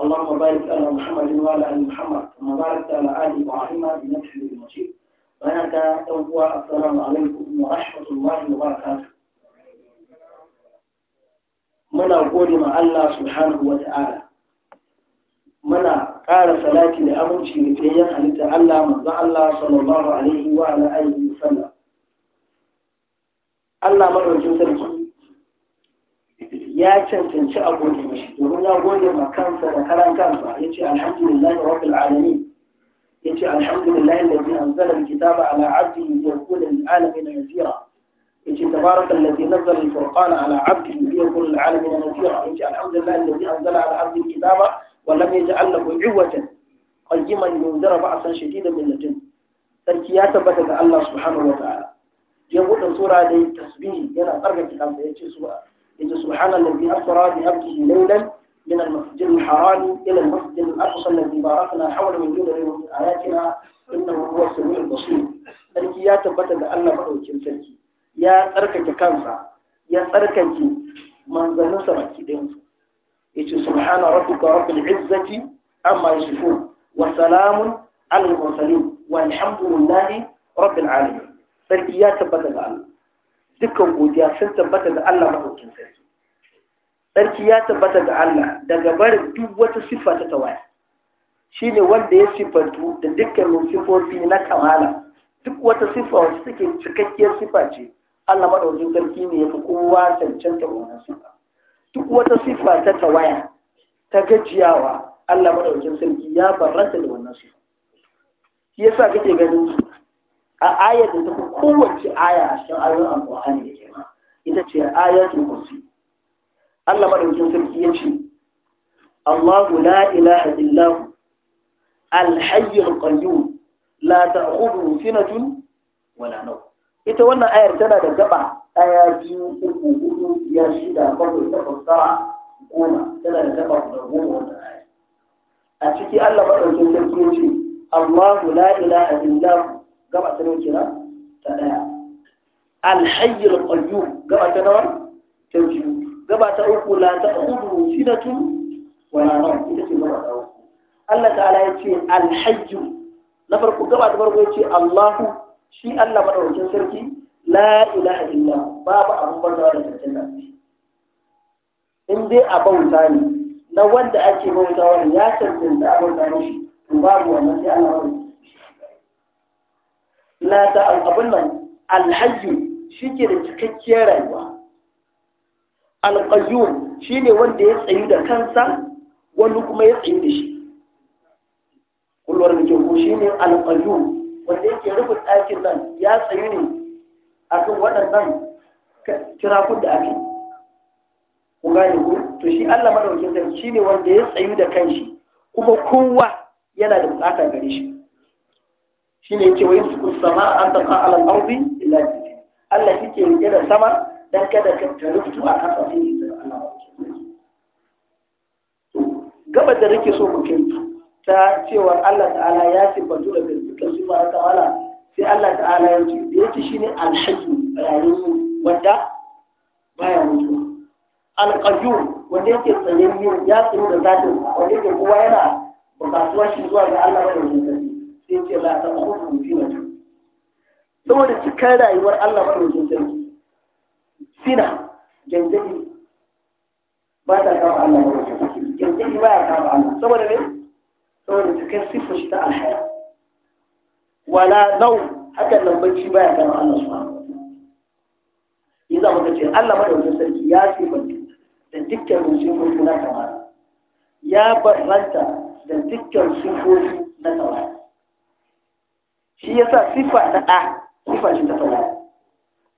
اللهم بارك على محمد وعلى ال محمد كما باركت على ال ابراهيم انك حميد مجيد بارك السلام عليكم ورحمه الله وبركاته muna gode ma Allah subhanahu wa ta'ala muna ƙara salati da abinci da tsayyan halitta Allah manzon Allah sallallahu alaihi wa ala wa sallam Allah ya cancanci a gode mishi domin ya gode ma kansa da karan kansa ya ce alhamdulillah da rabbil alamin ya ce alhamdulillah da zai anzala alkitaba ala abdi ya kula da alalami na nasira ya ce tabarak allazi nazzala alfurqana ala abdi ya kula da alalami na nasira ya ce alhamdulillah da zai anzala ala abdi alkitaba wa lam yaj'al lahu iwatan qayyiman yunzira ba'san shadidan min ladun sarki ya tabbata ga Allah subhanahu wa ta'ala ya buɗe sura da tasbihi yana tsarkake kansa ya ce sura. إذا سبحان الذي أسرى بعبده ليلا من المسجد الحرام إلى المسجد الأقصى الذي باركنا حول من دون من آياتنا إنه هو السميع البصير sarki ya tabbata da Allah maɗaukin sarki ya tsarkake kansa ya tsarkake manzanninsa baki ɗayansu ya ce subhana rabbika rabbil izzati amma yasifun wa salamun alal mursalin wa alhamdulillahi rabbil alamin sarki ya tabbata da Allah dukkan godiya sun tabbata ga Allah maɗaukin sarki sarki ya tabbata ga Allah daga barin duk wata siffa ta tawaya ne wanda ya siffantu da dukkan siffofi na kamala duk wata siffa wasu take cikakkiyar siffa ce Allah maɗaukin sarki ne ya fi kowa cancanta wannan siffa duk wata siffa ta tawaya ta gajiyawa Allah maɗaukin sarki ya barranta da wannan siffa shi yasa kake ganin a ayar da ta kowace aya a cikin ayoyin alƙur'ani da ke ma ita ce ayar ayatul kursi Allah madaukakin sarki ya ce Allahu la ilaha illa hu al-hayyul qayyum la ta'khudhuhu sinatun wala nawm ita wannan ayar tana da gaba ɗaya biyu uku hudu biyar shida bakwai takwas tara goma tana da gaba guda goma wannan ayar a ciki Allah maɗaukin sarki ya ce Allahu la ilaha illa hu gaba ta nauke na ta ɗaya alhayyar ƙwayo gaba ta nawa ta biyu gaba ta uku la ta uku sinatu wala nan ita ce gaba ta uku Allah ta'ala ya ce alhayyu na farko gaba ta farko ya ce Allahu shi Allah madaukakin sarki la ilaha illa babu abun barkawa da tantana in dai a bauta ne na wanda ake bautawa ya tantance a bauta ne shi to babu wannan sai Allah lada abin nan Alhaji shi ke da cikakkiyar rayuwa alƙayyum shi ne wanda ya tsayu da kansa wani kuma ya tsayu da shi kulwar da shi ne alƙayyum wanda yake rufe ɗakin nan ya tsayu ne a kan waɗannan kirakun da ake ku gane ku to shi Allah madaukakin sarki shi ne wanda ya tsayu da kanshi kuma kowa yana da buƙatar gare shi shine yake wayin su sama an tafa ala ɗaubi illa jiki. Allah ke rike da sama dan kada ka tarutu a kasa sai da Allah gaba da rike so muke ta cewa Allah ta'ala ya sifatu da dukkan ba ta ta'ala sai Allah ta'ala ya ce da yake ne alhaji rayuwa wanda baya mutuwa alqayyum wanda yake tsayayye ya tsaye da zafin? wanda yake kowa yana bukatuwa shi zuwa ga Allah da rubutu sai ce la ta khudhu fi wajhi saboda cikar rayuwar Allah ko jinjiri sina jinjiri ba ta kawo Allah jinjiri ba ya kawo Allah saboda ne saboda cikar siffar shi ta alhaya wala nau hakan nan bacci ba ya kawo Allah subhanahu yi za mu ce Allah wajen sarki ya siffanta da dukkan sifofi na kamar ya barranta da dukkan sifofi na kamar shi yasa sifa na ɗa kifa shi ta fada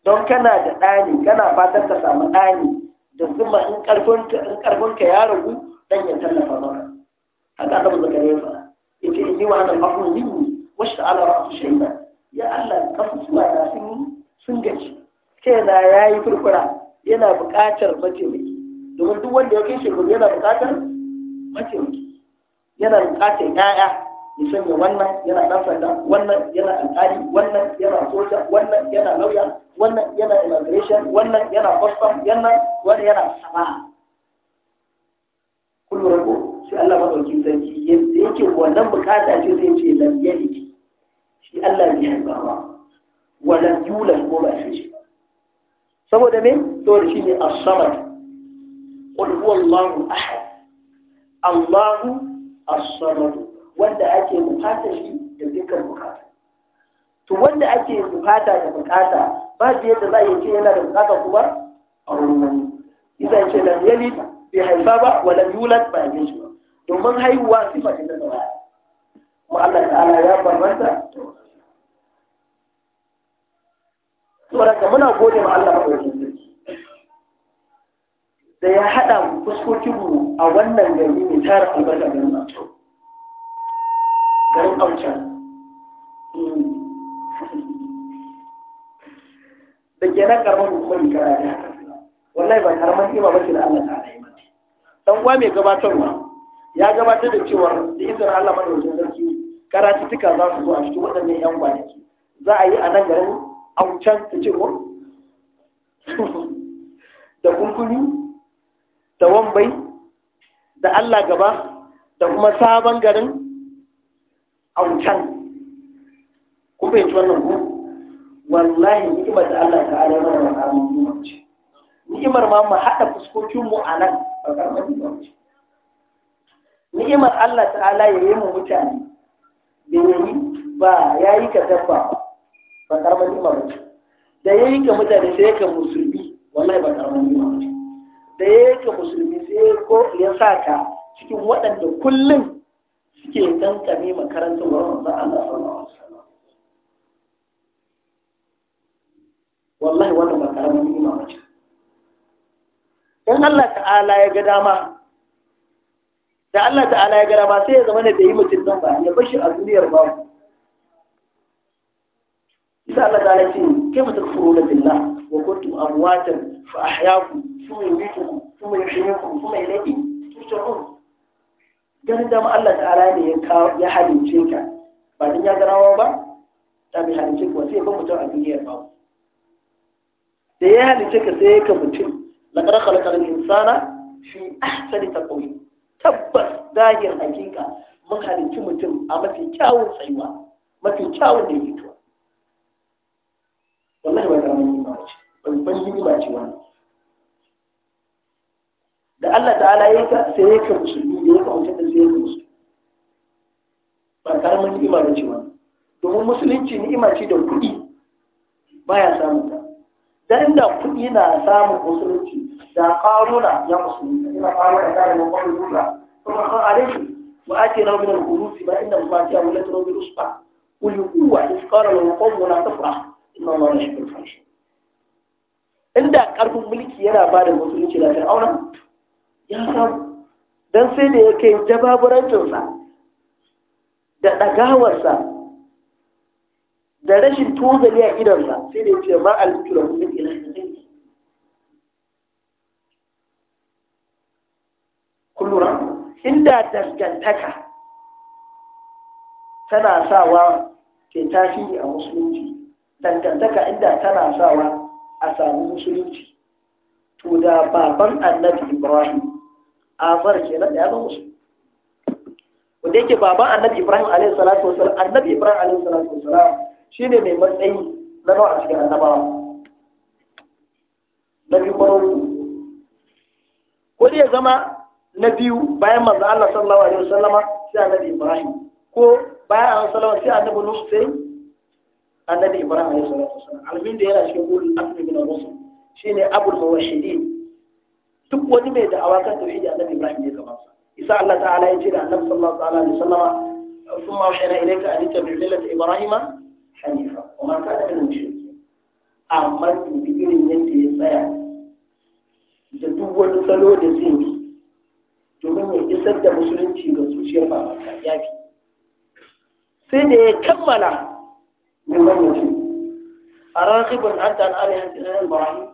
don kana da ɗani kana fatan ka samu ɗani da zuma in karfin ka ya ragu dan ya tallafa maka haka da zaka ne fa ce in yi wa ana mafu ne wasu ala ra'su shayna ya Allah kafu suna na sun sun gaji kai na yi furfura yana buƙatar mataimaki domin duk wanda ya kai shekaru yana buƙatar mataimaki yana buƙatar 'ya'ya ya sanya wannan yana ɗan sanda wannan yana alƙali wannan yana soja wannan yana lauya wannan yana immigration wannan yana custom wannan wannan yana sana'a kun lura sai Allah madaukin sarki yadda yake wannan bukata ce zai ce lam yalid shi Allah bai haifa ba wa lam yulad ko ba shi saboda me saboda shi ne as-samad qul huwallahu ahad Allahu as-samad wanda ake bukata shi da dukkan bukata to wanda ake bukata da bukata ba da yadda za a yi ce yana da bukata kuma a wurin wani isa ce lam yali bi haifa ba wa lam yulad ba yin shi ba domin haihuwa sifa ce ta zama kuma Allah ta'ala ya bambanta saboda ka muna gode ma Allah maɗaukin sarki da ya haɗa fuskokinmu a wannan gari mai tara albarka garin masu garin auca da ke nan karɓar hukumar kara da wallahi ba karamar kima ba ce da Allah ta yi mata uwa mai gabatarwa ya gabatar da cewa da izinin Allah madaukakin sarki karatuttuka za su zo a cikin waɗannan yan kwanaki za a yi a nan garin aucan ta ce ko da kunkuni da wambai da Allah gaba da kuma sabon garin a wutan bai ci wannan ku wallahi ni'imar da Allah ta ala mana wa kamun ni'imar ce ni'imar ma mu haɗa fuskokin mu a nan ba karamar ni'imar ce ni'imar Allah ta'ala ya yi mu mutane da ya yi ba ya yi ka dabba ba karamar ni'imar ce da ya yi ka mutane sai ka musulmi wallahi ba karamar ni'imar ce da ya yi ka musulmi sai ko ya sa ka cikin waɗanda kullum suke kankane makarantar wurin za a lafa wallahi wannan ba karamin nima wace In Allah ta'ala ya ga dama da Allah ta'ala ya ga dama sai ya zama ne da yi mutum nan ba ya bashi a duniyar ba isa Allah ta'ala ce furu da billah wa kuntum amwatan fa ahyaakum thumma yumeetukum thumma yuhyikum thumma ilayhi turja'un ganin dama Allah ta'ala ne ya halince ka ba dan ya garawa ba ta bi halince ka sai ba mutum a duniyar ba da ya halince ka sai ka mutum laqad khalaqal insana fi ahsani taqwim tabbas zahir hakika mun halinci mutum a mafi kyawun tsayuwa mafi kyawun da ya fito wallahi ba da mun ba ce ban ban yi ba ce wani da Allah ta'ala ya ka sai ya kamsu da ya kamsu da sai ya kamsu ba karamin ni'ima da ba. domin musulunci ni'ima ce da kuɗi ba ya samun ta Da inda kuɗi na samun musulunci da ƙaruna ya musulunci ina ƙaruna da da mafi dula kuma kan alaihi wa ake na min al-qurusi ba inda ma ta wala ta rabbil usba qul huwa isqara wa qawmun na tafrah inna allaha la yuhibbul fahishin inda ƙarfin mulki yana ba da musulunci da fir'auna ya samu don sai da ya kai jababurancinsa da ɗagawarsa da rashin tozali a idansa sai da ya ce ma alkira kuma ilahi kullura inda dangantaka tana sawa ke tasiri a musulunci dangantaka inda tana sawa a samu musulunci to da baban annabi ibrahim afar kenan da ya zama musu wanda yake baban annabi ibrahim alaihi salatu wasalam annabi ibrahim alaihi salatu wasalam shine mai matsayi na nawa a cikin annabawa na biyu kwararru ko ne ya zama na biyu bayan manzo Allah sallallahu alaihi wasallama sai annabi ibrahim ko bayan annabi sallallahu sai annabi nuh sai annabi ibrahim alaihi salatu wasalam almin da yana cikin ulul azmi min ar-rusul shine abul muwahhidin duk wani mai da'awa kan tauhidi annabi ibrahim ya kamar isa allah ta'ala ya ce da annabi sallallahu alaihi wasallam ثم أوحينا إليك أن اتبع ملة irin da duk wani salo da zai yi domin ya isar da musulunci ga zuciyar ya sai da ya kammala mai mamaci a rakibin an ta al'ala ya ibrahim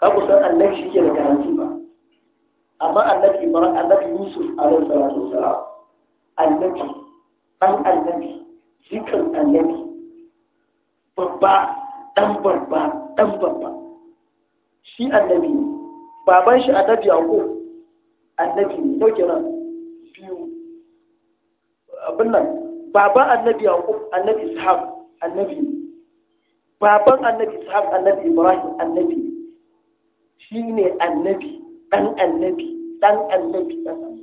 ka ku san annabi shi ke da garanti ba amma annabi ibrahim annabi yusuf alaihi salatu wasalam annabi dan annabi zikan annabi babba dan babba dan babba shi annabi baban shi annabi yaqub annabi ne to kenan biyu abin nan baban annabi yaqub annabi ishaq annabi baban annabi ishaq annabi ibrahim annabi shi ne annabi ɗan annabi ɗan annabi ɗan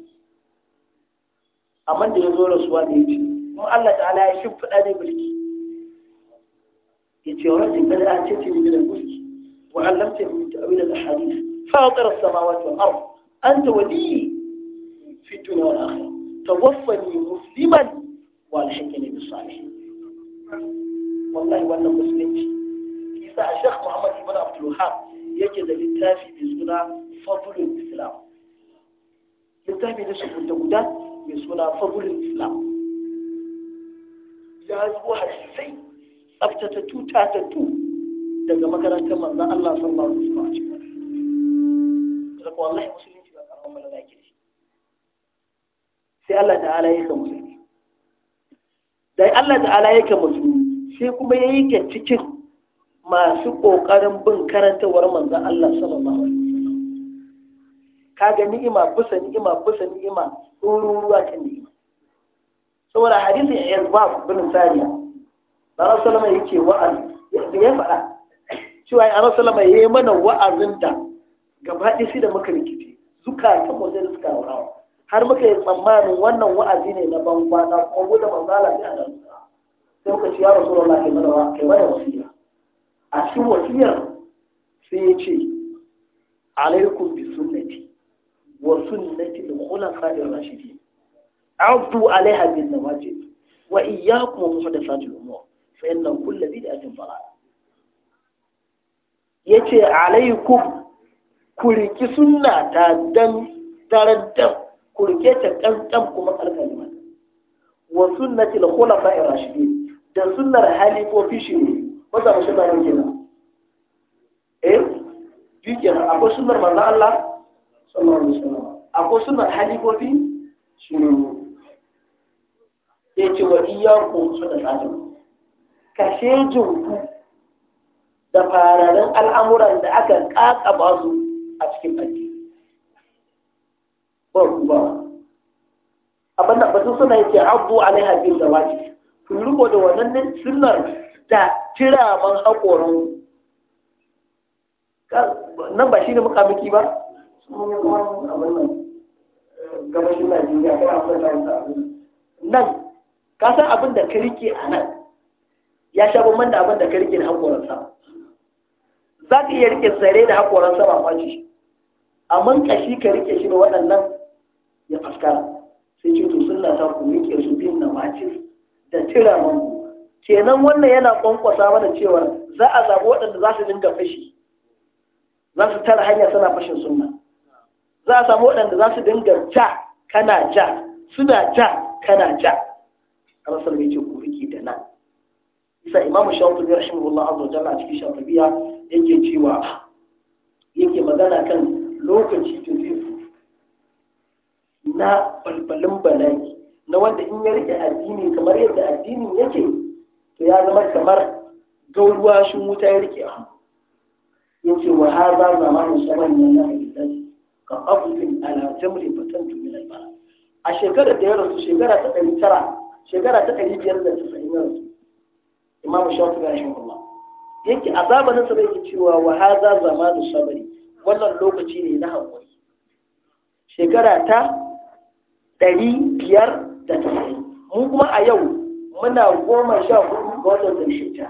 amma da ya zo rasuwa da ya ce kuma Allah ta'ala ya shimfiɗa ne mulki ya ce wa rajin bada a cikin ne da mulki wa allamtani ta abin da hadisi fatir as-samawati wal-ard anta wali fi ad-dunya wal-akhirah tawaffani musliman wa alhiqni bis-salihin wallahi wannan musulunci isa a shekh muhammad ibn abdul wahhab yake da littafi mai suna fabulun islam littafi shi da guda mai suna fabulun islam ya zuwa tuta ta tu daga makarantar manzan Allah sallallahu alaihi wasallam a cikin da kuwa Allah musulunci ba amma mana yake shi sai Allah ala yake musulmi dai Allah ala yake musulmi sai kuma yayi ga cikin masu ƙoƙarin bin karantawar manzan Allah sallallahu alaihi wasallam kaga ni'ima bisa ni'ima bisa ni'ima ruruwa kan ni'ima saboda hadisi ya yazba bin sariya da tariya. Ba a salama ya faɗa cewa ya salama ya yi mana wa'azin da gaba ɗaya sai da muka rikice Zuka ta sai da suka rawa har muka yi tsammanin wannan wa'azi ne na ban kwana ko da manzala sai a nan sai muka ce ya rasulullahi kai mana kai mana wasu. a cikin wasiyar sai ya ce alaikum bi sunnati wa sunnati al-khulafa'ir rashidin iyyakum wa بالنواجذ وإياكم ومحدثات الأمور فإن كل بدعة ضلالة yace alaikum ku sunna ta dan taraddan kurke rike ta kankan kuma alkalima wa sunnatil khulafa ar-rashidin da sunnar halifofi shi ne wata ba sunna nan gina eh bi kenan akwai sunar manzo Allah sallallahu alaihi wasallam akwai sunar halifofi sunan ya ce wa ko su da ka kashe jinku da fararen al'amuran da aka ba su a cikin ɓanke ba ku ba abinda su suna yake abu alaiha bin da wajibi ku da wannan sunan da kiraman haƙorin nan ba shi ne mukamiki ba sun yi kuma abin nan gabashin najeriya kan da abin nan ka san abin da ka rike a nan ya sha bamban da abin da ka rike da haƙorin sa za ka iya rike tsare da haƙorin ba kwaci amma kashi ka rike shi da waɗannan ya fuskara sai ce to na ta ku rike da cira mangu kenan wannan yana kwankwasa mana cewa za a zaɓi waɗanda za su dinga fashi za su tara hanya suna fashin sunna za a samu waɗanda za su dinga ja kana ja suna ja kana ja a rasar mai ce kuriki da nan isa imamu shafi rahimahullah azza wa jalla a cikin shafiya yake cewa yake magana kan lokaci da zai na balbalin bala'i na wanda in ya rike addini kamar yadda addinin yake to ya zama kamar gauruwa shi wuta ya rike a ce wa hadha zamanin shaban ya na ilahi ka qaflin ala jamri fatantu min al a shekarar da ya rasu shekara ta ɗari tara shekara ta ɗari biyar da casa'in ya rasu imam shafi ga shi Allah yake a zamanin sa bai cewa wa hadha zamanu sabri wannan lokaci ne na hankali. shekara ta ɗari biyar da tasa'in mu kuma a yau muna goma sha hudu ga watan zulhijja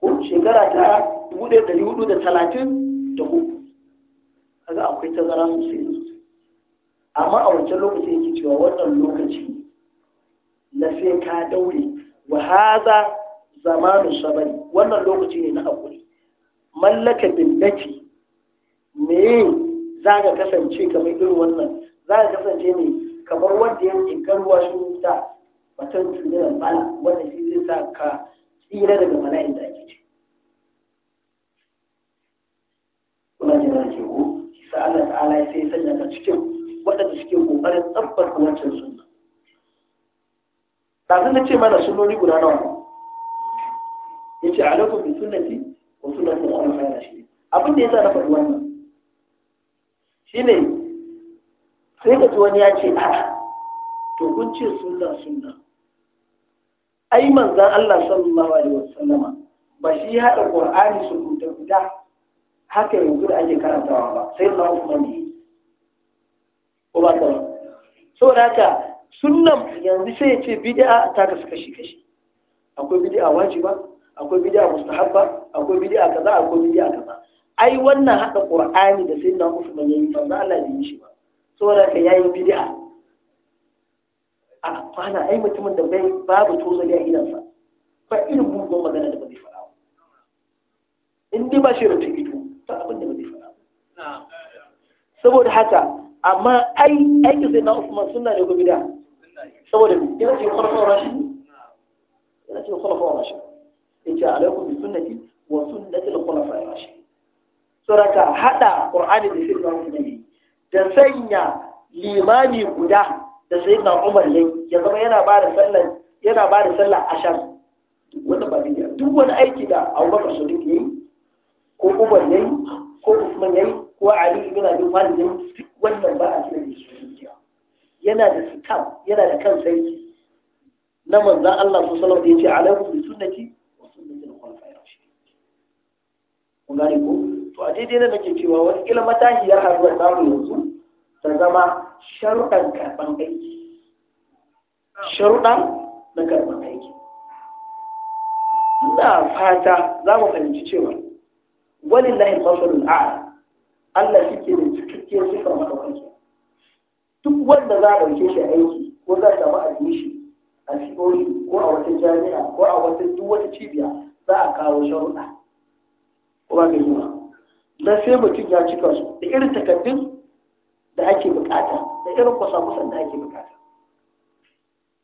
ko shekara ta dubu da hudu da talatin da hudu. kaga akwai tazara sosai amma a wancan lokaci yake cewa wannan lokaci na sai ka daure wa haza zamanu shabari wannan lokaci ne na hakuri mallaka billati me za ka kasance kamar irin wannan za ka kasance mai kamar wanda ya tsinka ruwa shi wuta watan tunanin bala wanda shi zai sa ka tsira daga mala'in da ake Kuma kuna na ke ko sa Allah ta'ala sai sanya ka cikin waɗanda suke kokarin tsabbar wancan sunna kafin na ce mana sunnoni guda nawa ya ce alaikum bi sunnati wa sunnatul khulafa'ir shi. abin da sa na faɗi wannan ne. sai ka ji wani ya ce a to kun ce sunna sunna ai manzan Allah sallallahu alaihi sallama. ba shi haɗa Qur'ani su guda guda haka yanzu da ake karantawa ba sai na Usman ne ko ba ta da haka sunnan yanzu sai ya ce bid'a ta kasu kashi kashi akwai bid'a wajiba akwai bid'a mustahabba akwai bid'a kaza akwai bid'a kaza ai wannan haɗa Qur'ani da sai na Usman ne manzan Allah ya yi shi ba saboda ka yayi bid'a a kwana ai mutumin da bai babu tozali a gidansa ba irin mugun magana da bai fara in dai ba shi rantun ido ba abin da bai fara saboda haka amma ai aiki sai na usman suna ne ko bid'a saboda yana ce kwalfa rashin Ina ce kwalfa rashin yace alaikum bi sunnati wa sunnati al-khulafa'i ar-rashidin saboda hada qur'ani da sunna ne da sanya limami guda da sai na umar ne ya zama yana ba da sallar yana ba da sallah ashar wannan ba bid'a duk wani aiki da Abubakar Sadiq yayi ko Umar yayi ko Usman yayi ko Ali ibn Abi Talib yayi wannan ba a cikin bid'a yana da sitam yana da kan sarki na manzon Allah sallallahu alaihi wasallam da yace alaikum bi sunnati wa sunnati al-khulafa'ir rashidin kun ko cewa daidai na nake cewa wani kila matahiyar haruwar zamu yanzu ta zama sharuɗan karɓan aiki sharuɗan na karɓan aiki ina fata za mu fahimci cewa wani lahin masalul a Allah shi ke da cikakken sifar madaukaki duk wanda za a ɗauke shi aiki ko za a samu admission a cikin e ko a wata jami'a ko a wata duk wata cibiya za a kawo sharuɗa ko ba ka yi na sai mutum ya cika su da irin takaddun da ake bukata da irin kwasa-kwasan da ake bukata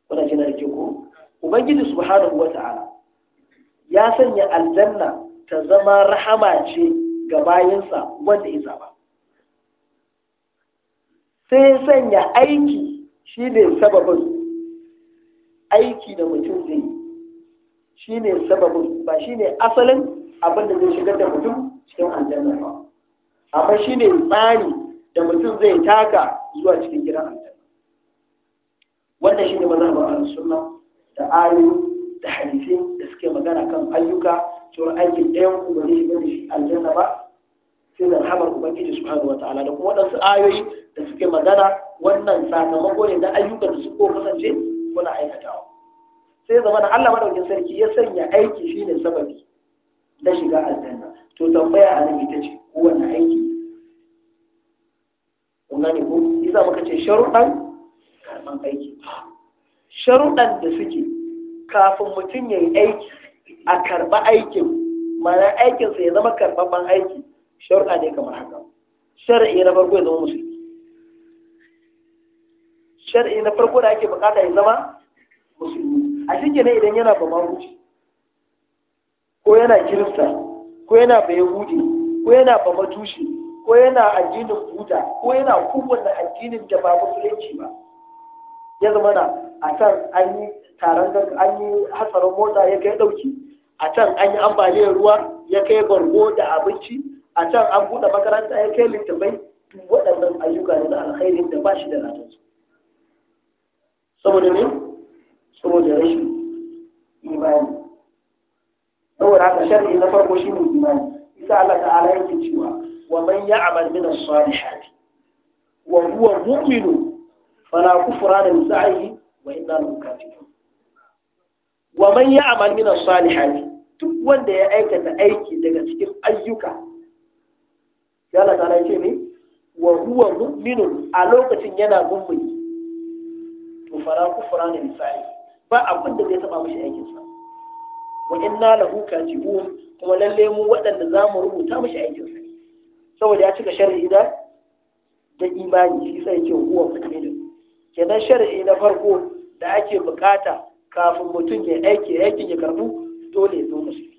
kuna jina da ko ubangiji subhanahu wa ta'ala ya sanya aljanna ta zama rahama ce ga bayansa wanda ya zaba sai sanya aiki shi ne sababin aiki da mutum zai shi ne sababin ba shi ne asalin abin da zai shigar da mutum cikin aljanna ba amma shine tsari da mutum zai taka zuwa cikin gidan aljanna wannan shine mazhabar a sunna da ayoyi da hadisai da suke magana kan ayyuka cewar aikin ɗayan ku ba zai shiga da shi aljanna ba sai da rahamar ubangiji subhanahu wataala da kuma waɗansu ayoyi da suke magana wannan sakamako ne na ayyukan da suko kasance kuna aikatawa sai zama da Allah madaukin sarki ya sanya aiki shine sababi na shiga aljanna to tambaya a nan ita ce kowane aiki Kuna ne ko isa muka ce sharuɗan karɓan aiki sharuɗan da suke kafin mutum ya yi aiki a karɓa aikin mana aikinsa ya zama karɓaɓɓen aiki sharuɗa ne kamar haka shari'i na farko ya zama musulmi shari'i na farko da ake bukata ya zama musulmi a shi ne idan yana ba ko yana kirista ko yana ba yahudi ko yana ba matushi ko yana addinin buda ko yana kowanne addinin da ba musulunci ba ya zama na a can an yi taron an yi hatsarin mota ya kai dauki a can an yi ambaliyar ruwa ya kai bargo da abinci a can an buɗe makaranta ya kai littafai waɗannan ayyuka ne na alkhairin da ba shi da ladansu saboda ne saboda rashin imani saboda haka sharri na farko shi ne imani isa Allah ta'ala yake cewa wa man ya'mal min as-salihati wa huwa mu'min fala kufra li sa'i wa inna lahu katibun wa man ya'mal min as-salihati duk wanda ya aikata aiki daga cikin ayyuka ya Allah ta'ala yake ne wa huwa mu'min a lokacin yana mu'min to fala kufra li sa'i ba abin da zai taba mishi aikinsa wa inna lahu katibun kuma lalle mu waɗanda za mu rubuta mashi aikin sa saboda ya cika shar'i da da imani shi sai ke huwa mu'min kenan shar'i na farko da ake bukata kafin mutum ya aiki aikin ya karbu dole ya zo musulmi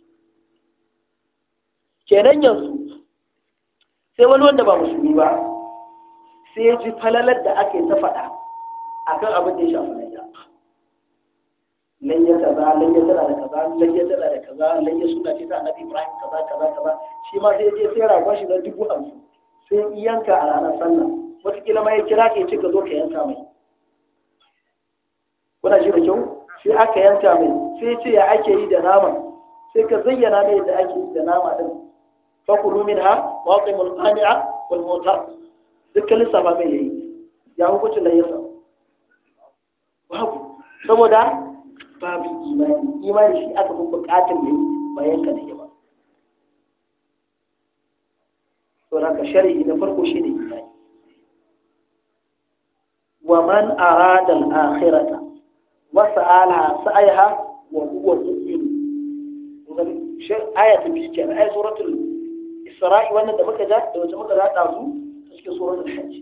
kenan yanzu sai wani wanda ba musulmi ba sai ya ji falalar da ake ta faɗa akan abin da ya shafi layya kaza layya tana da kaza layya tana da kaza layya suna ce ta annabi ibrahim kaza kaza kaza shi ma sai je sai ragon shi na dubu hamsin sai yanka a ranar sallah wataƙila ma ya kira ka ya ce ka zo ka yanka mai kuna shi da kyau sai aka yanka mai sai ce ya ake yi da nama sai ka zayyana mai yadda ake yi da nama din fakulu minha wa qimul qani'a wal mutar dukkan lissafa mai yayi ya hukunci layyasa babu saboda babin imani imani shi aka fi bukatun ne bayan ka da yawa. to haka shari'i na farko shi ne imani wa man arada al-akhirata wa sa'ala sa'iha wa huwa mu'min kun shi aya ta bi kenan ay suratul isra'i wannan da muka ja da wajen muka rada su suke suratul hajj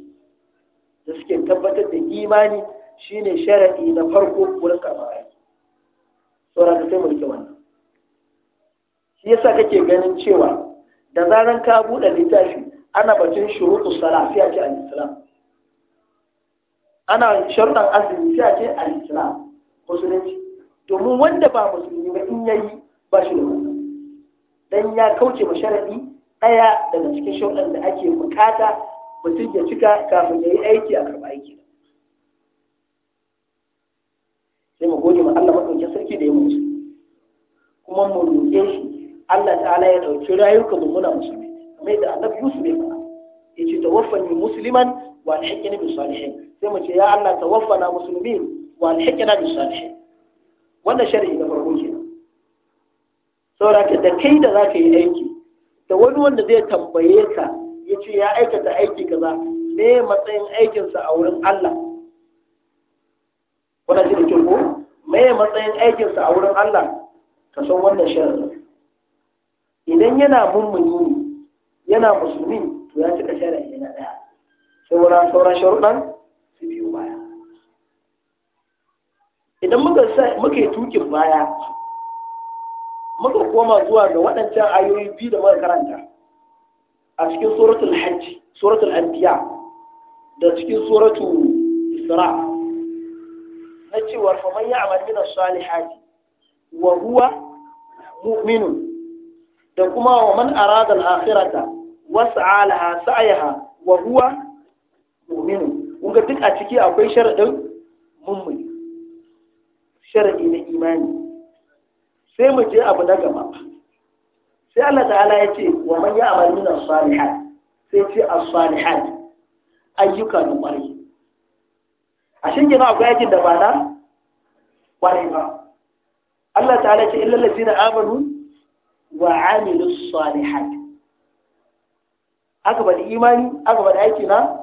da suke tabbatar da imani shine sharadi na farko wurin karɓar saura da sai shi yasa kake ganin cewa da zaran ka buɗe littafi ana batun shuruɗu sala sai a al-islam ana sharuɗan azumi sai a ce al-islam musulunci domin wanda ba musulmi ba in yayi ba shi da wannan dan ya kauce ma sharadi ɗaya daga cikin sharuɗan da ake bukata mutum ya cika kafin ya yi aiki a karɓa aiki mu gode ma Allah madaukakin sarki da ya mutu kuma mu roƙe shi Allah ta'ala ya ɗauki rayuka mu muna musulmi kamar da annabi Yusuf ya faɗa ce tawaffani musliman wa alhiqni bi salihin sai mu ce ya Allah tawaffana musulmi wa alhiqna bi salihin wannan sharhi na farko ke saboda da kai da zaka yi aiki da wani wanda zai tambaye ka ya ce ya aikata aiki kaza me matsayin aikinsa a wurin Allah wannan shi ne mai matsayin aikinsa a wurin Allah ka san wannan shirin idan yana mummuni yana musulmi to ya cika shari'a yana daya sauran sauran sharuɗan su biyu baya idan muka muka tukin baya muka koma zuwa ga waɗancan ayoyi biyu da muka karanta a cikin suratul hajji suratul anbiya da cikin suratul isra' na cewar faman man ya'mal min as-salihati wa huwa muminu da kuma wa man arada al-akhirata was'a laha sa'yaha wa huwa muminu. kun ga duk a ciki akwai sharadin mummuni sharadi na imani sai mu je abu na gaba sai Allah ta'ala ya ce wa man ya'mal min as-salihati sai ce as-salihati ayyuka na ƙwarai a shin gina akwai yakin da ba na kwarai ba Allah ta'ala ce illal ladina amanu wa amilus salihat aka bada imani aka bada aiki na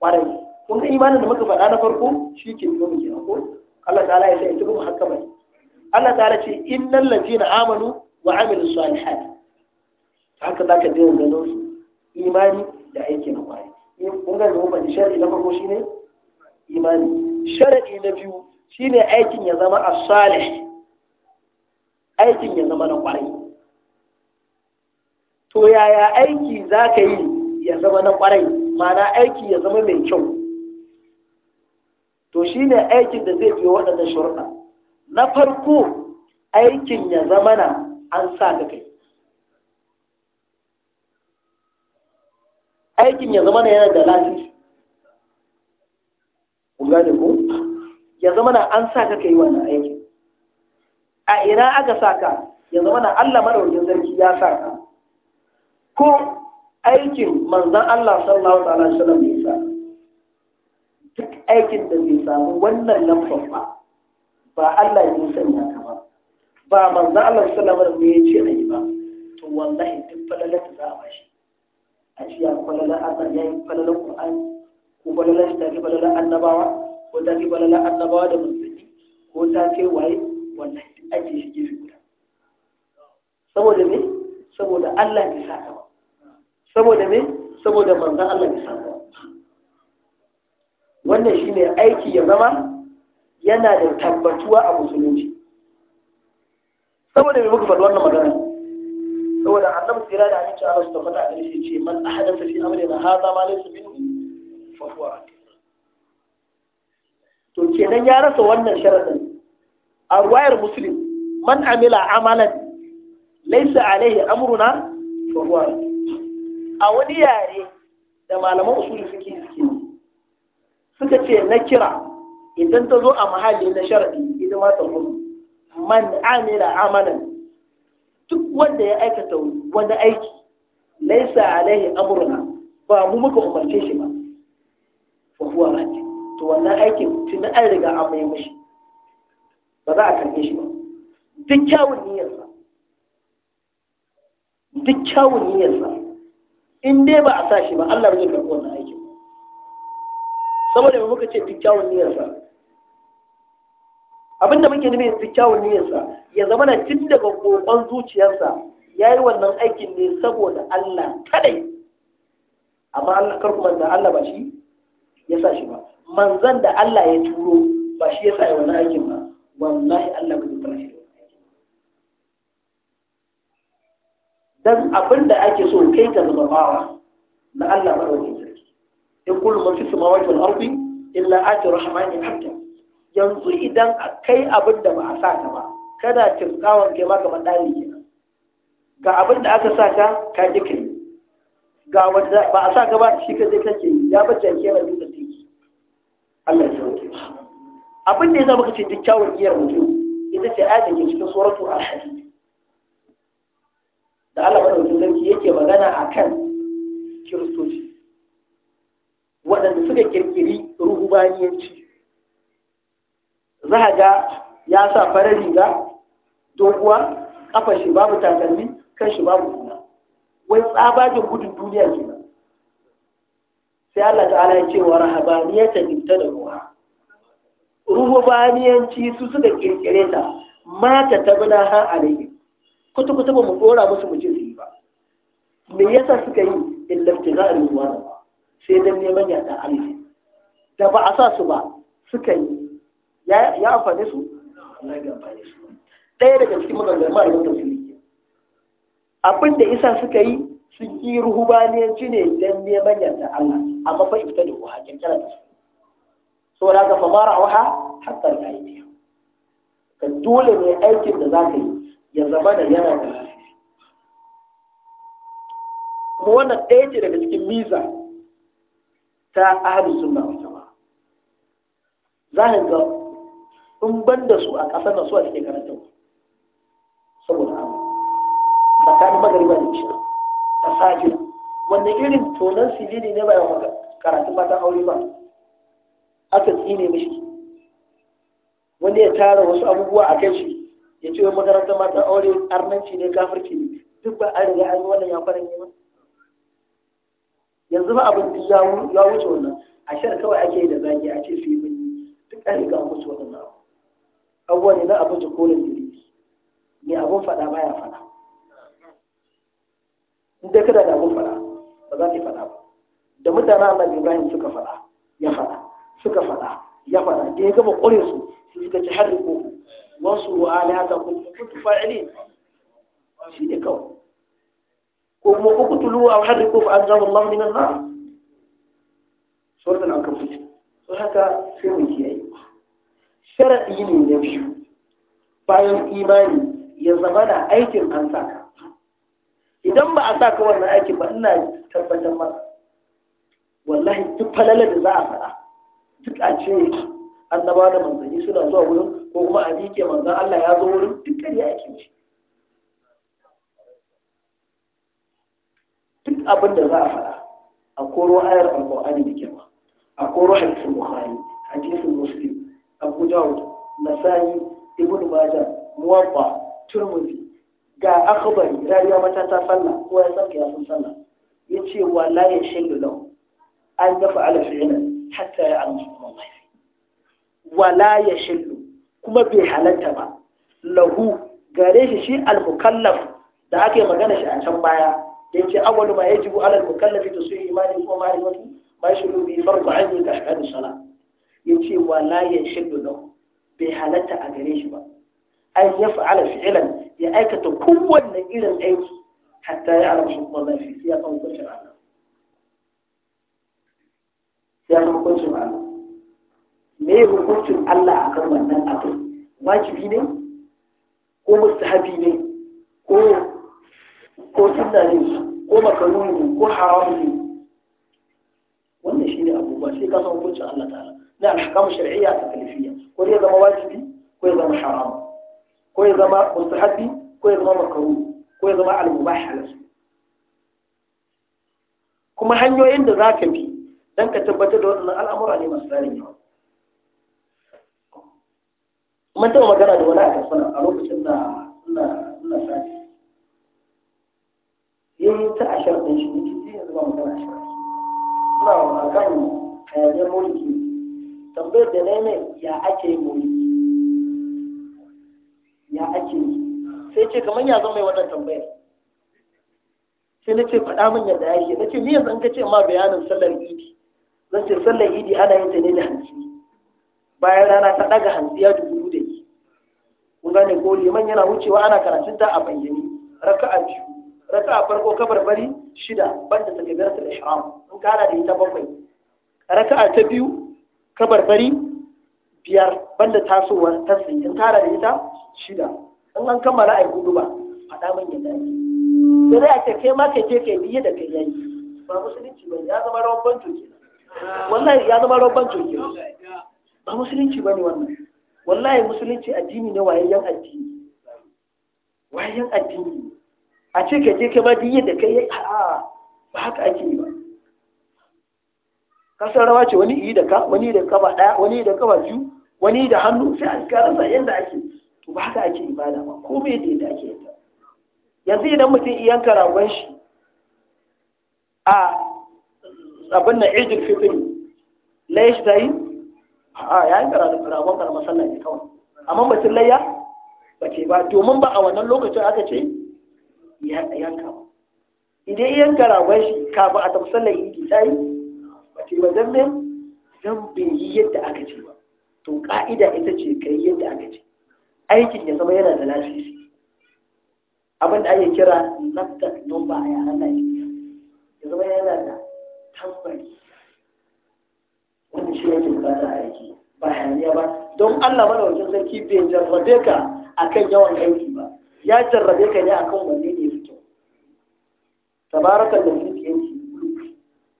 kwarai kun ga imanin da muka faɗa na farko shi ke nuna muke ko Allah ta'ala ya sai haka bai Allah ta'ala ce innal ladina amanu wa amilus salihat haka zaka dinga ganin imani da aiki na kwarai kun ga da mun sharri na farko shine imani sharadi na biyu shine aikin ya zama as-salih aikin ya zama na kwarai to yaya aiki za ka yi ya zama na kwarai mana aiki ya zama mai kyau to shine aikin da zai biyo waɗannan shuruɗa na farko aikin ya zama na an sa ka kai aikin ya zama na yana da lasisi lura da ko ya zama na an sa ka kai wannan aiki. a ina aka sa ka ya zama na Allah madaukakin sarki ya sa ka ko aikin manzon Allah sallallahu alaihi wasallam ya sa duk aikin da bai samu wannan lamfan ba ba Allah ya sanya ka ba ba manzon Allah sallallahu alaihi wasallam ne ya ce ai ba to wallahi duk falalar da za a bashi a shi ya falala Allah ya yi falalar Qur'ani ko falalar shi ta balala annabawa ko ta balala annabawa da musulmi ko ta fi waye wannan ake shi gefe guda saboda me saboda Allah ya sa ka ba saboda me saboda manzon Allah ya sa ka wannan shine aiki ya zama yana da tabbatuwa a musulunci saboda me muka faɗi wannan magana saboda annabi tsira da annabi Allah subhanahu wa ta'ala ya ce man ahadatha fi amrina hadha ma laysa minhu fahuwa to kenan ya rasa wannan sharadin a ruwayar muslim man amila amalan laisa alaihi amruna fahuwa a wani yare da malaman usuli suke suke suka ce na kira idan ta zo a mahalli na sharadi ita ma ta hudu man amila amalan duk wanda ya aikata wani aiki laisa alaihi amruna ba mu muka umarce shi ba fa huwa to wannan aikin tun an riga an mai mashi ba za a karbe shi ba duk kyawun niyyarsa duk kyawun niyyarsa in dai ba a sa shi ba Allah bai karbi wannan aikin saboda muka ce duk kyawun niyyarsa abinda muke nufi duk kyawun niyyarsa ya zama na tun daga kokon zuciyarsa ya yi wannan aikin ne saboda Allah kadai amma Allah karku da Allah ba shi ya sa shi ba manzan da Allah ya turo ba shi ya sa yi wani aikin ba wallahi Allah ba zai fara shi dan abin da ake so kai ka zama bawa na Allah ba wani sarki in kullu man fi samawati wal ardi illa ati rahmani abda yanzu idan kai abin da ba a sa ka ba kana tinkawan kai ma kamar dali kenan ga abin da aka sa ka ka ji ga wanda ba a sa ka ba shi ka je kake ya bacci ke rabin da Allah ya sauke abin da ya zama kace duk kyawun iyar mutum ita ce ayatin ke cikin suratu al-hadid da Allah madaukakin sarki yake magana akan kiristoci waɗanda suka kirkiri ruhubaniyanci za ga ya sa farar riga doguwa kafa shi babu takalmi kan shi babu kuna wai tsabajin gudun duniya kenan sai Allah ta'ala ya ce wa da ruwa ruhubaniyanci su suka kirkire ta mata tabna ha alayhi kuta kuta ba mu dora musu mu ce su yi ba me yasa suka yi illa ibtiga'il ba? sai dan neman ta Allah da ba a sa su ba suka yi ya amfani su Allah ya amfani su ɗaya daga cikin maganganun su yi. abin da isa suka yi sun ruhubaniyanci ne don neman yarda Allah amma fa ita da kuwa kirkira da su saboda haka fa a waha hakkar ta yi ka dole ne aikin da za ka yi ya zama da yana da lafiya kuma wannan ɗaya ce daga cikin miza ta ahalin sunna wa jama'a za ka ga in ban da su a ƙasar da su a cikin karanta saboda Allah tsakanin magariba da isha masajid wanda irin tonon silili ne ba yawan karatun ta aure ba aka tsine mishi wanda ya tara wasu abubuwa a kan shi ya ce wa makarantar matan aure arnanci ne kafirci ne duk ba a riga an wannan ya fara nema yanzu ba abin ya wuce wannan a shar kawai ake da zagi a ce su yi mun duk an riga an wuce wannan abu abubuwa ne na abin jikonin dalili ne abin faɗa baya faɗa in dai kada da mun faɗa ba za ta faɗa ba da mutane annabi ibrahim suka faɗa ya faɗa suka faɗa ya faɗa da ya gama ƙware su su suka ci har ko wasu alata ta kun kuntu fa'ilin shi ne kawai ko kuma ku kutulu a har ko fa anzamu Allah min an-nar an ankabut to haka sai mu kiyaye sharadi ne na biyu bayan imani ya zama da aikin an saka idan ba a sa ka wannan aikin ba ina tabbatar ba. wallahi duk falala da za a faɗa duk a ce annaba da manzanni suna zuwa wurin ko kuma a miƙe manzan Allah ya zo wurin duk ƙarya ake shi duk abin da za a faɗa a koro ayar alƙur'ani da kyau a koro hadisin bukhari hadisin muslim abu dawud nasai ibnu majah muwaffa turmuzi ga akhbari rayuwa mata ta sallah ko ya san ya san sallah yace wallahi ya shillu lahu an dafa ala fi'la hatta ya almu Wa wala ya shillu kuma bai halatta ba lahu gare shi shi al-mukallaf da ake magana shi a can baya da yake awwalu ma yajibu ala al-mukallaf yi imani ko ma'rifatu ma shulu bi fardu ayni ka hadu sala yace wala ya shillu lahu bai halatta a gare shi ba ay يفعل fi'lan ya aikata تكون irin aiki حتى ya alama الله في sai ya san hukuncin Allah ya san hukuncin Allah me hukuncin Allah akan wannan wajibi ne ko mustahabi ne ko ko sunna ne ko makaruni ne ko haramu ne wannan shine abubuwa sai ka san hukuncin Allah ta'ala na shar'iyya ta kalifiyya ko ya zama wajibi ko ya zama haram. ko ya zama mustahabbi ko ya zama makaru ko ya zama al-mubah kuma hanyoyin da zaka bi dan ka tabbatar da wannan al'amura ne masu tsarin yawa mun ta magana da wani a kasfana a lokacin da ina ina sati yin ta a sharɗin shi ne yanzu ba magana a sharɗin ina a kan hayaniyar eh, mulki tambayar da na yi ya ake yin mulki ya ake yi sai ce kamar ya zama mai wannan tambayar sai na ce faɗa min yadda yake na ce ni yanzu an ka ce ma bayanin sallar idi zan ce sallar idi ana yin ta ne da hantsi bayan rana ta ɗaga hantsi ya dubu da yi kun gane ko liman yana wucewa ana karatun ta a bayyane raka'a biyu raka'a farko kabarbari shida banda ta kabiratul ihram in kana da ita bakwai raka'a ta biyu kabarbari biyar banda tasowar tasiri in tara da ita shida in an kammala a yi hudu ba faɗa man yadda ake Da zai ake kai ma kai kai biye da kai yayi ba musulunci ba ya zama rabban banjo ke wallahi ya zama rabban banjo ba musulunci ba ne wannan wallahi musulunci addini ne wayayyen addini wayayyen addini a ce ka je kai ma biye da kai yayi a'a ba haka ake yi ba kasar rawa ce wani yi da ka wani da kafa daya wani da kafa biyu wani da hannu sai a karasa yadda ake to ba haka ake ibada ba ko me da ake yadda yanzu idan mutum iyan ragon shi a abin na fitin fitr la yashtahi a ya yi karagon karagon karamar sallah kawai amma mutum laya, ba ce ba domin ba a wannan lokacin aka ce ya yanka ba idan iyan ragon shi kafin a tafi sallah yi ta yi ba ce ba zan zan yi yadda aka ce ba to ka'ida ita ce kai yadda aka ce aikin ya zama yana da lafiya abin da ake kira naftar numba a yaran lafiya ya zama yana da tambari wanda shi ke bukata a aiki ba hayaniya ba don Allah mana wajen sarki bai jarrabe ka akan yawan aiki ba ya jarrabe ka ne a kan wanne ne fito tabarakan da fi yanki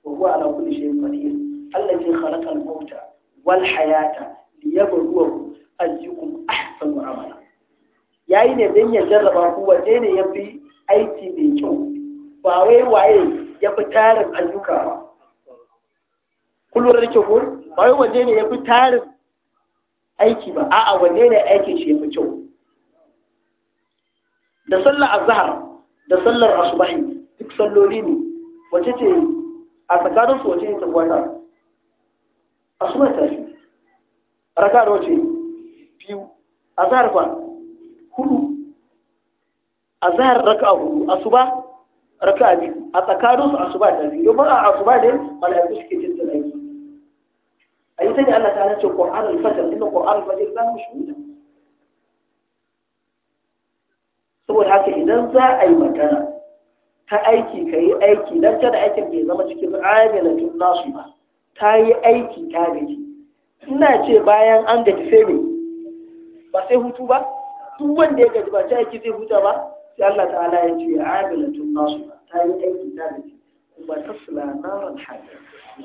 wa huwa ala kulli shay'in qadir allazi khalaqa al-mauta wal hayata liyabluwakum ayyukum ahsanu ahsan mu'amala yayi ne dan ya jarraba ku waje ne yafi aiki mai kyau ba wai waye ya fi tarin ayyuka ba kullum da ke ko ba wai waje ne ya fi tarin aiki ba a'a wanne ne aikin shi yafi kyau da sallar azhar da sallar asubahi duk salloli ne wace ce a tsakanin su wace ne gwada asuba ta shi raka da wace biyu azhar fa hudu azhar raka'a hudu asuba raka'a biyu a tsakaninsu asuba da biyu ba a asuba ne malaiku suke jinjin aiki a yi sani Allah ta hana ce Qur'an al-Fajr inna Qur'an al-Fajr la mashhuda saboda haka idan za a yi magana ta aiki ka yi aiki don kada aikin bai zama cikin amilatun nasu ba ta yi aiki ta gaji ina ce bayan an gaji sai ba sai hutu ba duk wanda ya gaji ba ta aiki zai huta ba sai Allah ta'ala ya ce amilatun nasu ta yi aiki ta gaji kuma ta sulanaran hajji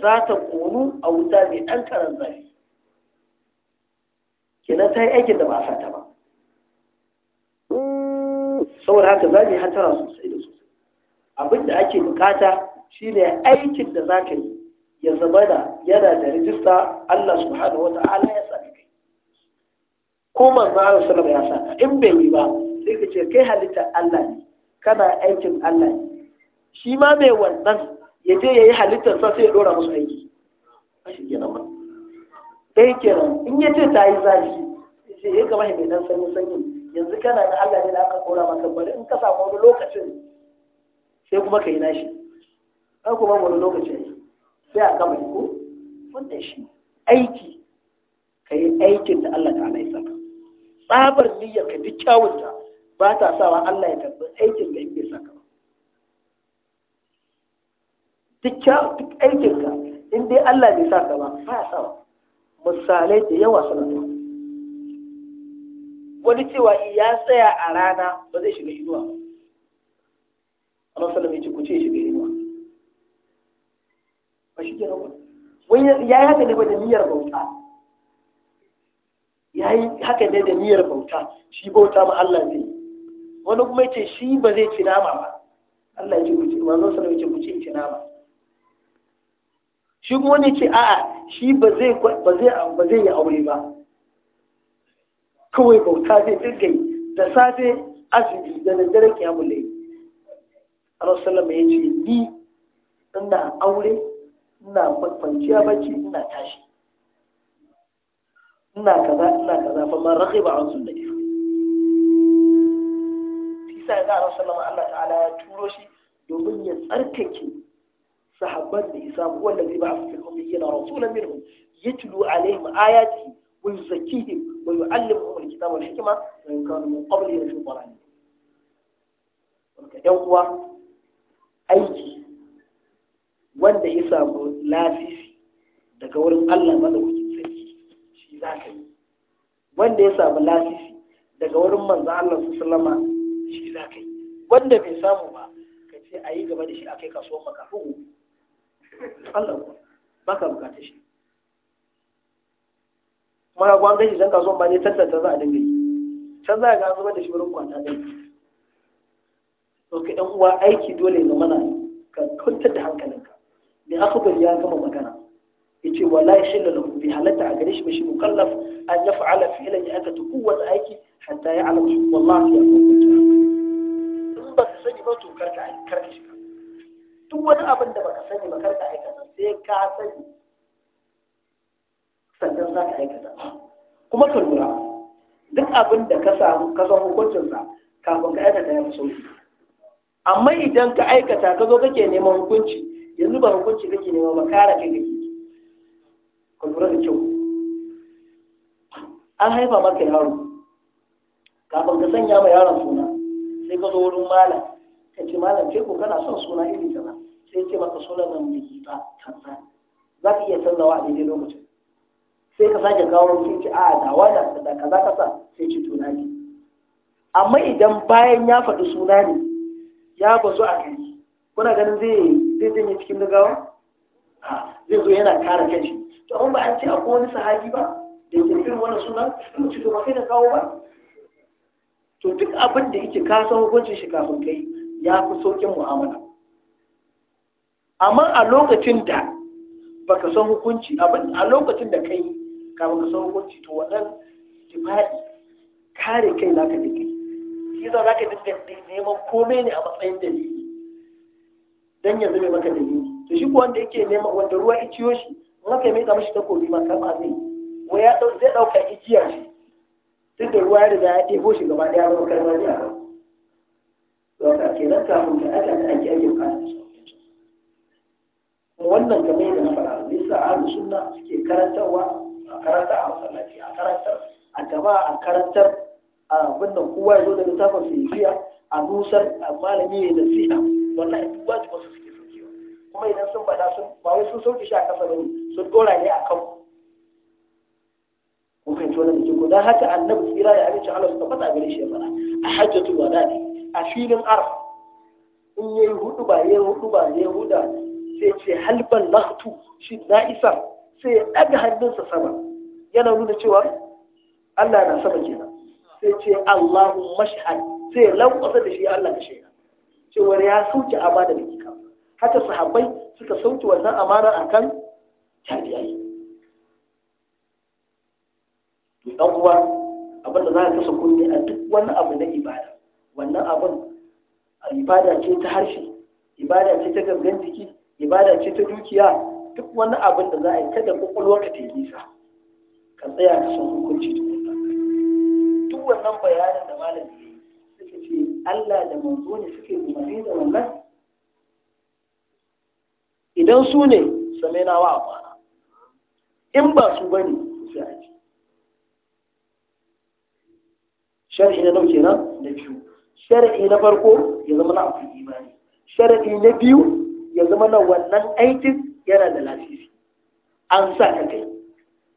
za ta konu a wuta mai ɗan karan zafi kenan ta yi aikin da ba a fata ba saboda haka za mu yi hatara sosai da sosai abin da ake bukata shine aikin da za ka yi ya zama da yana da rijista Allah subhanahu wa ta'ala ya sa ko manzo Allah sallallahu alaihi wasallam ya sa in bai yi ba sai ka ce kai halitta Allah ne kana aikin Allah ne shi ma mai wannan ya je yayi halittar sa sai ya dora musu aiki shi kenan ba dai kenan in ya ce ta yi zafi sai ya ga mai dan san sanyi yanzu kana da Allah ne da aka kora maka bari in ka samu wani lokacin sai kuma ka yi nashi an kuma wani lokacin sai a kama ko wannan shi aiki ka yi aikin da Allah ta ya saka tsabar niyyar ka duk kyawun ta ba ta sawa Allah ya karɓi aikin da yake saka duk duk aikin ka in dai Allah bai saka ba ba ya sawa misalai da yawa suna da wani cewa ya tsaya a rana ba zai shiga inuwa ba Allah sallama ce ku ce shiga inuwa ba shi ke wani ya yaka ne ba da niyyar bauta ya yi haka ne da niyyar bauta shi bauta ma Allah zai wani kuma ce shi ba zai ci nama ba Allah ya ji ku ci zo sanar ce ku ci nama shi kuma wani ce a'a shi ba zai ba zai ba zai yi aure ba kawai bauta zai dinga yi da safe azumi da daddare kiyamul layl Allah sallama ya ce ni ina aure ina kwanciya bacci ina tashi ina kaza ina kaza fa man raghiba an sunnati isa ya ga sallama Allah ta'ala ya turo shi domin ya tsarkake sahabban da isa wanda zai ba a su fil ummiyina rasulan minhum yatlu alaihim ayati wa yuzakkihim wa yu'allimuhum alkitaba wal hikma wa in kanu min qabli la fi dhalal ka yan uwa aiki wanda ya samu lafifi daga wurin Allah madauki za ka yi wanda ya samu lasisi daga wurin manzo Allah su sallama shi za ka yi wanda bai samu ba ka ce a yi gaba da shi a kai maka hu Allah ku ba ka bukata shi kuma ga an gashi zan kasuwar ba ne tattata za a dinga yi can za a ga zubar da shi wurin kwanta ɗin to ɗan uwa aiki dole na mana ka kwantar da hankalinka me aka ya gama magana yace wallahi shi da bi halatta a gare shi shi mukallaf an yaf'ala fi'lan ya aikata kowace aiki hatta ya alama wallahi ya in ba ka sani ba to karka karka shiga duk wani abin da baka sani ba karka aikata sai ka sani sannan za ka aikata kuma ka lura duk abin da ka samu ka san hukuncinsa kafin ka aikata ya fi sauki amma idan ka aikata ka zo kake neman hukunci yanzu ba hukunci kake nema ba kare kai kake ka lura da kyau an haifa maka yaro kafin ka sanya ma yaron suna sai ka zo wurin malam ka ce malam ke ko kana son suna iri kaza sai ce maka suna nan mai ba kansa za ka iya canzawa a daidai lokacin sai ka sake kawo sai ce a da wada da kaza sa, sai ce tuna ne amma idan bayan ya faɗi suna ne ya bazu a gari kuna ganin zai zai cikin gaggawa zai zo yana kare kanshi to an ba an ce akwai wani sahabi ba da yake irin wani suna, in ci ba kai da kawo ba to duk abin da yake ka san hukuncin shi kafin kai ya fi sauƙin mu'amala amma a lokacin da baka san hukunci abin a lokacin da kai kafin baka san hukunci to wannan jima'i kare kai zaka da kai shi za ka dinga neman komai ne a matsayin dalili don yanzu mai maka dalili to shi ko wanda yake nema wanda ruwa ya ciyo shi in aka mai takobi ma kama zai wa ya zai dauka igiya shi duk da ruwa ya riga ya ɗebo shi gaba ɗaya ba kai wani ba to ka kenan kafin ka aka da ake ake bukata shi wannan game da na faɗa bisa ahlus sunna suke karantarwa a karanta a masallaci a karantar a gaba, a karantar a wannan kowa ya zo da littafin sai a nusar a malami ya nasiha Wannan duk wajibi su suke kuma idan sun faɗa sun ba sun sauke shi a ƙasa ba sun dora ne a kan kun fahimci wannan jiko don dan haka annabi tsira da aminci Allah su tabbata gare shi ya faɗa a hajjatul wada ne a filin arfa in yayi hudu ba yayi hudu ba yayi huda sai ce halban lahtu shi na isa sai ya ɗaga hannunsa sama yana nuna cewa Allah na sama kenan sai ce Allahu mashhad sai lankwasa da shi Allah da shaida cewar ya sauke amana da haka sahabbai suka sauke wannan amana akan tabi'ai to dan uwa abinda za a kasa kunne a duk wani abu na ibada wannan abin ibada ce ta harshe ibada ce ta gangan jiki ibada ce ta dukiya duk wani abin da za a yi kada ka ta yi nisa ka tsaya ka san hukunci duk wannan bayanin da malam ya yi suka ce Allah da manzo ne suke umarni da wannan idan su ne same na wa kwana in ba su ba ne sai a ji sharhi na nauke na na biyu sharhi na farko ya zama na akwai imani sharhi na biyu ya zama na wannan aikin yana da lafifi an sa ka kai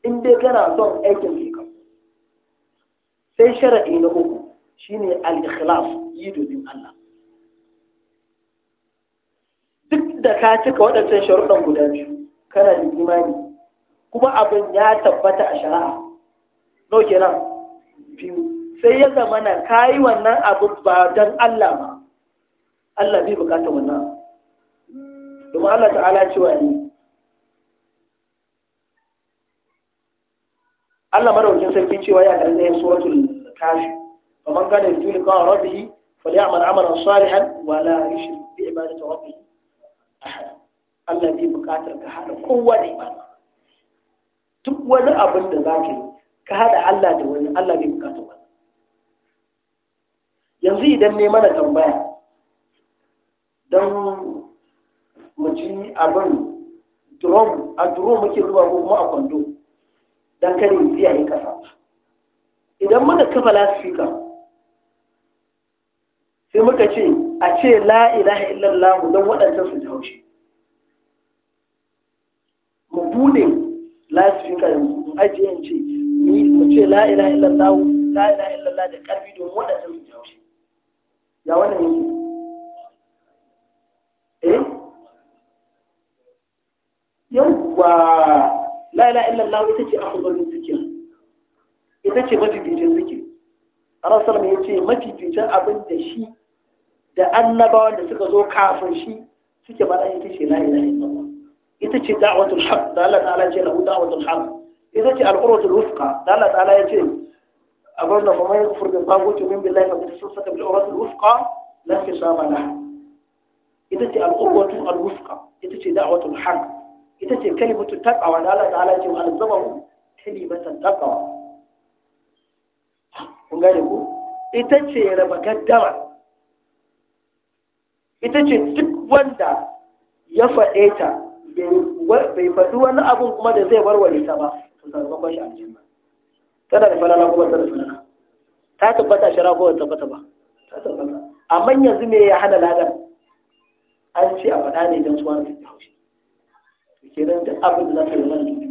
in dai kana son aikin sai ka sai sharhi na uku shine al-ikhlas yi domin Allah da ka cika waɗancan sharuɗan guda biyu kana da imani kuma abin ya tabbata a shari'a no kenan biyu sai ya zama na kayi wannan abin ba don Allah ba Allah bai bukata wannan domin Allah ta'ala cewa ne Allah maraukin sarki cewa ya ɗan ɗaya suratul kafi kamar ganin tuli kawai rabbi فليعمل عملا صالحا ولا يشرك بعبادة ربه Allah bai buƙatar ka hada kowa da ibada duk wani abin da za ka yi ka hada Allah da wani Allah bai buƙatar wani yanzu idan ne mana tambaya don mu abin drum a drum muke zuwa kuma a kwando don kare biya yi kasa idan muka kafa lasifika sai muka ce a ce la ilaha illallah don waɗancan su ji haushi mu bude lasifika yanzu mu ajiye in ce ni mu ce la ilaha illallah la ilaha illallah da ƙarfi don waɗancan su ji haushi ya wannan ne? eh yawwa la ilaha illallah ita ce afdalul zikir ita ce mafificin zikir Allah sallallahu alaihi ya ce mafificin abin da shi da annabawan da suka zo kafin shi suke faɗa ita ce la ilaha illallah ita ce da'watul haq da Allah ta'ala ce lahu da'watul haq ita ce al-qurratul wufqa da Allah ta'ala ya ce abin da kuma ya kufur da bagoci min billahi fa bi sunnati bil qurratul wufqa la kisama laha ita ce al-qurratul al ita ce da'watul haq ita ce kalimatu taqwa da Allah ta'ala ya ce al-zabahu kalimatan taqwa kun gane ko ita ce raba gaddama ita ce duk wanda ya faɗe ta bai faɗi wani abin kuma da zai warware ta ba to sakamakon shi aljanna tana da falala kuma tana da falala ta tabbata shara ko tabbata ba ta tabbata amma yanzu me ya hana ladan an ce a faɗa ne don suwan su ta haushi kenan duk abin da za ka yi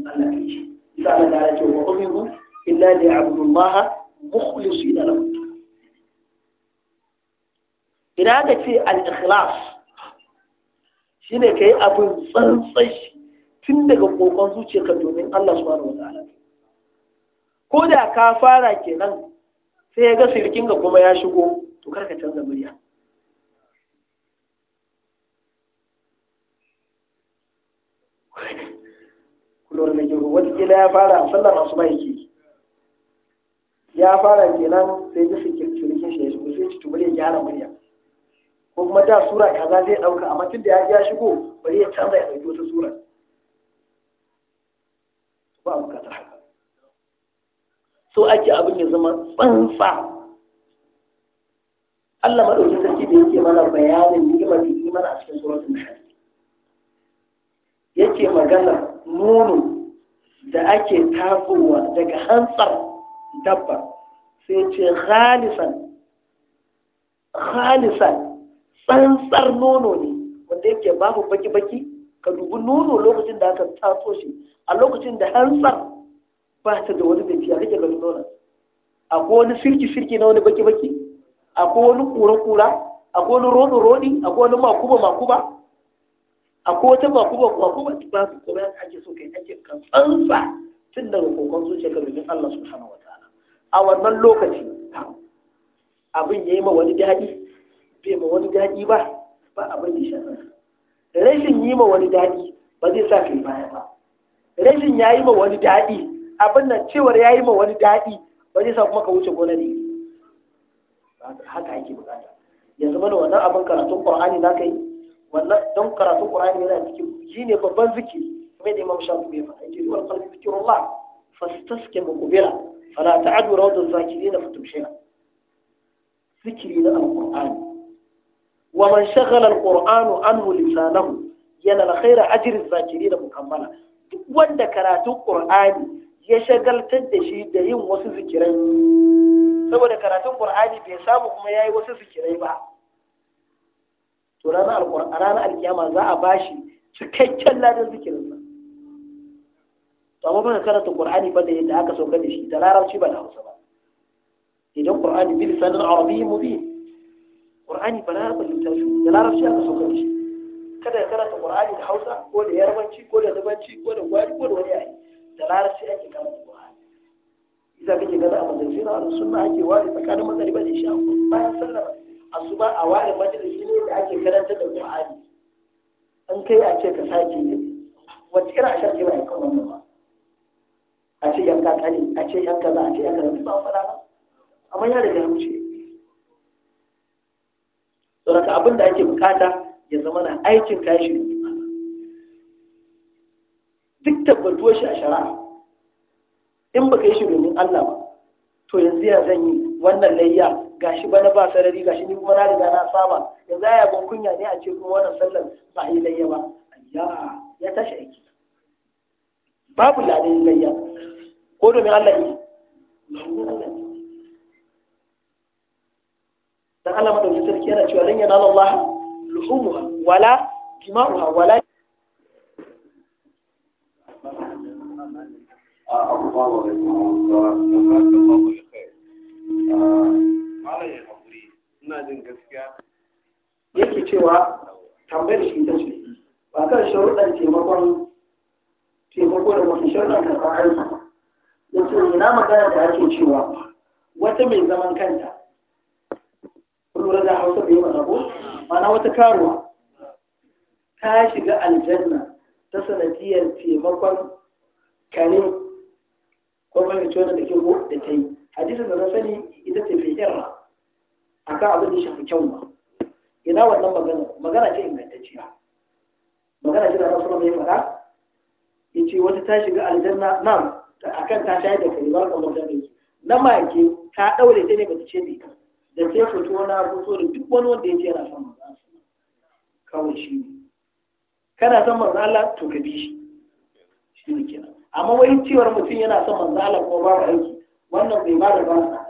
mana dukkan Allah ke yi shi isa Allah ta ce wa umiru illa li abdullaha mukhlisina lahu ina ka ce shi ne shine yi abin tsantsan tun daga kokon zuciyarka domin Allah su wani wata ko da ka fara kenan sai ya ga sirkin ga kuma ya shigo to karka canza murya kulor na gero wata gida ya fara a sallar masu ba ya fara kenan sai ji sirkin shi ya shigo sai ci tubar ya gyara murya ko kuma da sura kaza zai ɗauka amma tun da ya ya shigo bari ya canza ya dauki wata sura ba mu kasa haka so ake abin ya zama tsantsa Allah maɗauki sarki da yake mana bayanin ni'imar da mana a cikin suratul nahl yake magana nono da ake tafowa daga hantsar dabba sai ce khalisan khalisan tsantsar nono ne wanda yake babu baki-baki ka dubi nono lokacin da aka taso shi a lokacin da hantsar ba ta da wani mai a rike gani nonon akwai wani sirki-sirki na wani baki-baki akwai wani kura-kura akwai wani roni-roni akwai wani makuba-makuba akwai wata makuba-makuba ta ba su kuma yadda ake so kai ake kan tsantsa tun daga kokon zuciya ga rubin Allah subhanahu wa ta'ala a wannan lokaci abin ya yi ma wani daɗi bai ma wani daɗi ba ba abin da shi rashin yi ma wani daɗi ba zai sa kai baya ba rashin ya yi ma wani daɗi abin da cewar ya yi ma wani daɗi ba zai sa kuma ka wuce gona ne haka yake bukata ya zama da wannan abin karatun qur'ani na kai wannan don karatun qur'ani yana cikin ne babban ziki kuma da imam shafi bai faɗa yake zuwa qalbi zikrullah fastaske muqbila da ta'adu rawdu na fatumshina zikiri na Alƙur'ani. wa man shaghala alqur'anu anhu lisanahu yana da khaira ajrin zakiri da mukammala duk wanda karatun qur'ani ya shagaltar da shi da yin wasu zikirai saboda karatun qur'ani bai samu kuma yayi wasu zikirai ba to ranar alqur'ani ranar alkiyama za a bashi cikakken ladan zikirinsa to amma baka karanta qur'ani ba da yadda aka saukar da shi da larabci ba da hausa ba idan qur'ani bil sanan arabiyyi mubin ƙur'ani ba na fahimta shi da larabci aka saukar shi kada ya karanta ƙur'ani da hausa ko da yarbanci ko da zubanci ko da gwari ko da wani yayi da larabci ake karanta ƙur'ani idan kake gana a majalisina a sunna ake ware tsakanin ba da shi a bayan sallar asuba a ware majalisi ne da ake karanta da ƙur'ani an kai a ce ka sake ne wacce irin a sharke ba ya kan wannan ba a ce yanka kane a ce yanka za a ce yanka da ba fara ba amma ya da ya wuce saboda abinda ake bukata ya zama na aikin kashi duk tabbatuwa shi a shara'a, in baka yi shi domin Allah ba to yanzu ya zan yi wannan layya gashi bana ba sarari gashi ni kuma na riga na saba yanzu ya ban kunya ne a ce kuma wannan sallar ba a yi layya ba ya ya tashi aiki babu ladin layya ko domin Allah ne domin Allah ne dan Allah madaukakin sarki yana cewa lan yanala Allah luhumuha wala dima'uha wala yake cewa tambayar shi ta ce ba kan sharuɗan taimakon taimako da wasu sharuɗan karɓar aiki ya ce ina magana da ake cewa wata mai zaman kanta lura da hausa bai mana ko mana wata karuwa ta shiga aljanna ta sanadiyar taimakon kare ko mai cewa da ke ko da ta yi hadisin da na sani ita ce fi a akan abin da shafi kyau ba ina wannan magana magana ce ingantacciya magana ce da rasu mai fara ya ce wata ta shiga aljanna nan a kan ta shayar da kare ba kamar da nan ma yake ta daure ta ne ba ta ce mai da ke fito na fito da duk wani wanda ya ce yana son manzo Allah kawai shi ne kana son manzo Allah to ka bi shi shi ne kenan amma wai cewar mutum yana son manzo Allah ko ba aiki wannan bai ba da ba na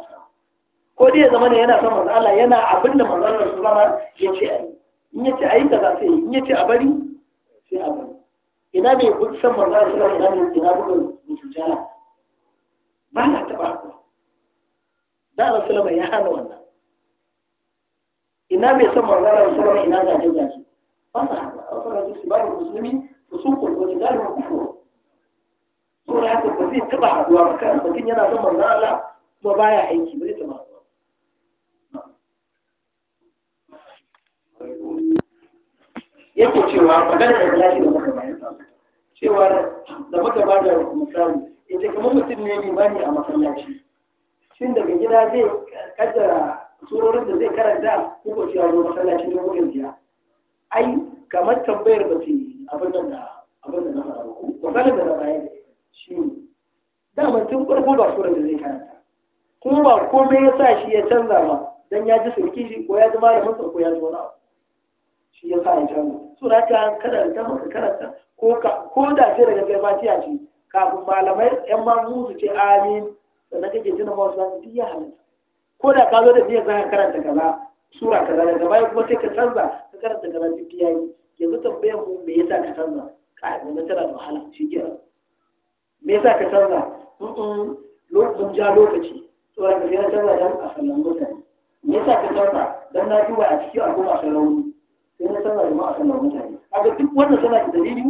ko dai ya zama ne yana son manzo Allah yana abin da manzo Allah su zama ya ce ai in ya ce ai su sai in ya ce a bari sai a bari ina ne ku san manzo Allah zama ina bai ina mutum jana ba na taɓa ku da Allah sallama ya hana wannan ina bai san magana sauran ina gaje gaje wannan akwai su ba musulmi su sun kurkuci galibin kufuru sura ya ba zai taba haduwa ba kan mutum yana son manzon Allah kuma baya aiki ba zai taba haduwa yake cewa magana da lafi da muka bayar cewa da muka bada da misali ce kamar mutum ne limani a masallaci shin daga gida zai kaddara surorin da zai karanta kuma ko shi ya zo masallaci don wurin biya ai kamar tambayar ba ce abin da abin da na faɗa ko misalin da na bayar shi ne dama tun farko ba surar da zai karanta kuma ba komai ya sa shi ya canza ba dan ya ji sulki shi ko ya ji malamin sa ko ya ji wani shi ya sa ya canza sura ta karanta maka karanta ko ka ko da ce daga kai fatiha ce kafin malamai yan ma su ce amin sannan kake jina ba wasu duk ya halitta. ko da ka zo da niyyar zaka karanta kaza sura kaza daga baya kuma sai ka canza ka karanta kaza duk yi yanzu tambayar mu me yasa ka canza ka na tara da wahala shi kenan me yasa ka canza mun ja lokaci saboda ka na canza dan a sallan mutane me yasa ka canza dan na duba a cikin abu a sallan wuri sai na canza da a sallan mutane kaga duk wannan suna da dalili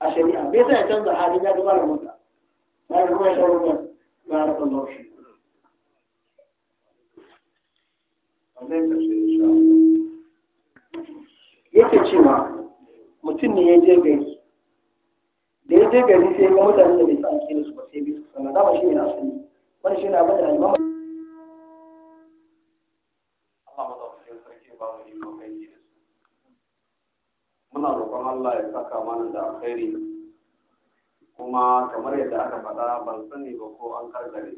a shari'a me yasa ya canza halin ya ga malamin ka ba ruwan shawarar ba ba ruwan shi. yake cewa mutum ne ya je gari da ya je gari sai ga mutane da bai san ake su ba sai bai su sana dama shi ne na sani wani shi ne abin da imam muna roƙon Allah ya saka mana da alkhairi kuma kamar yadda aka faɗa ban sani ba ko an karkare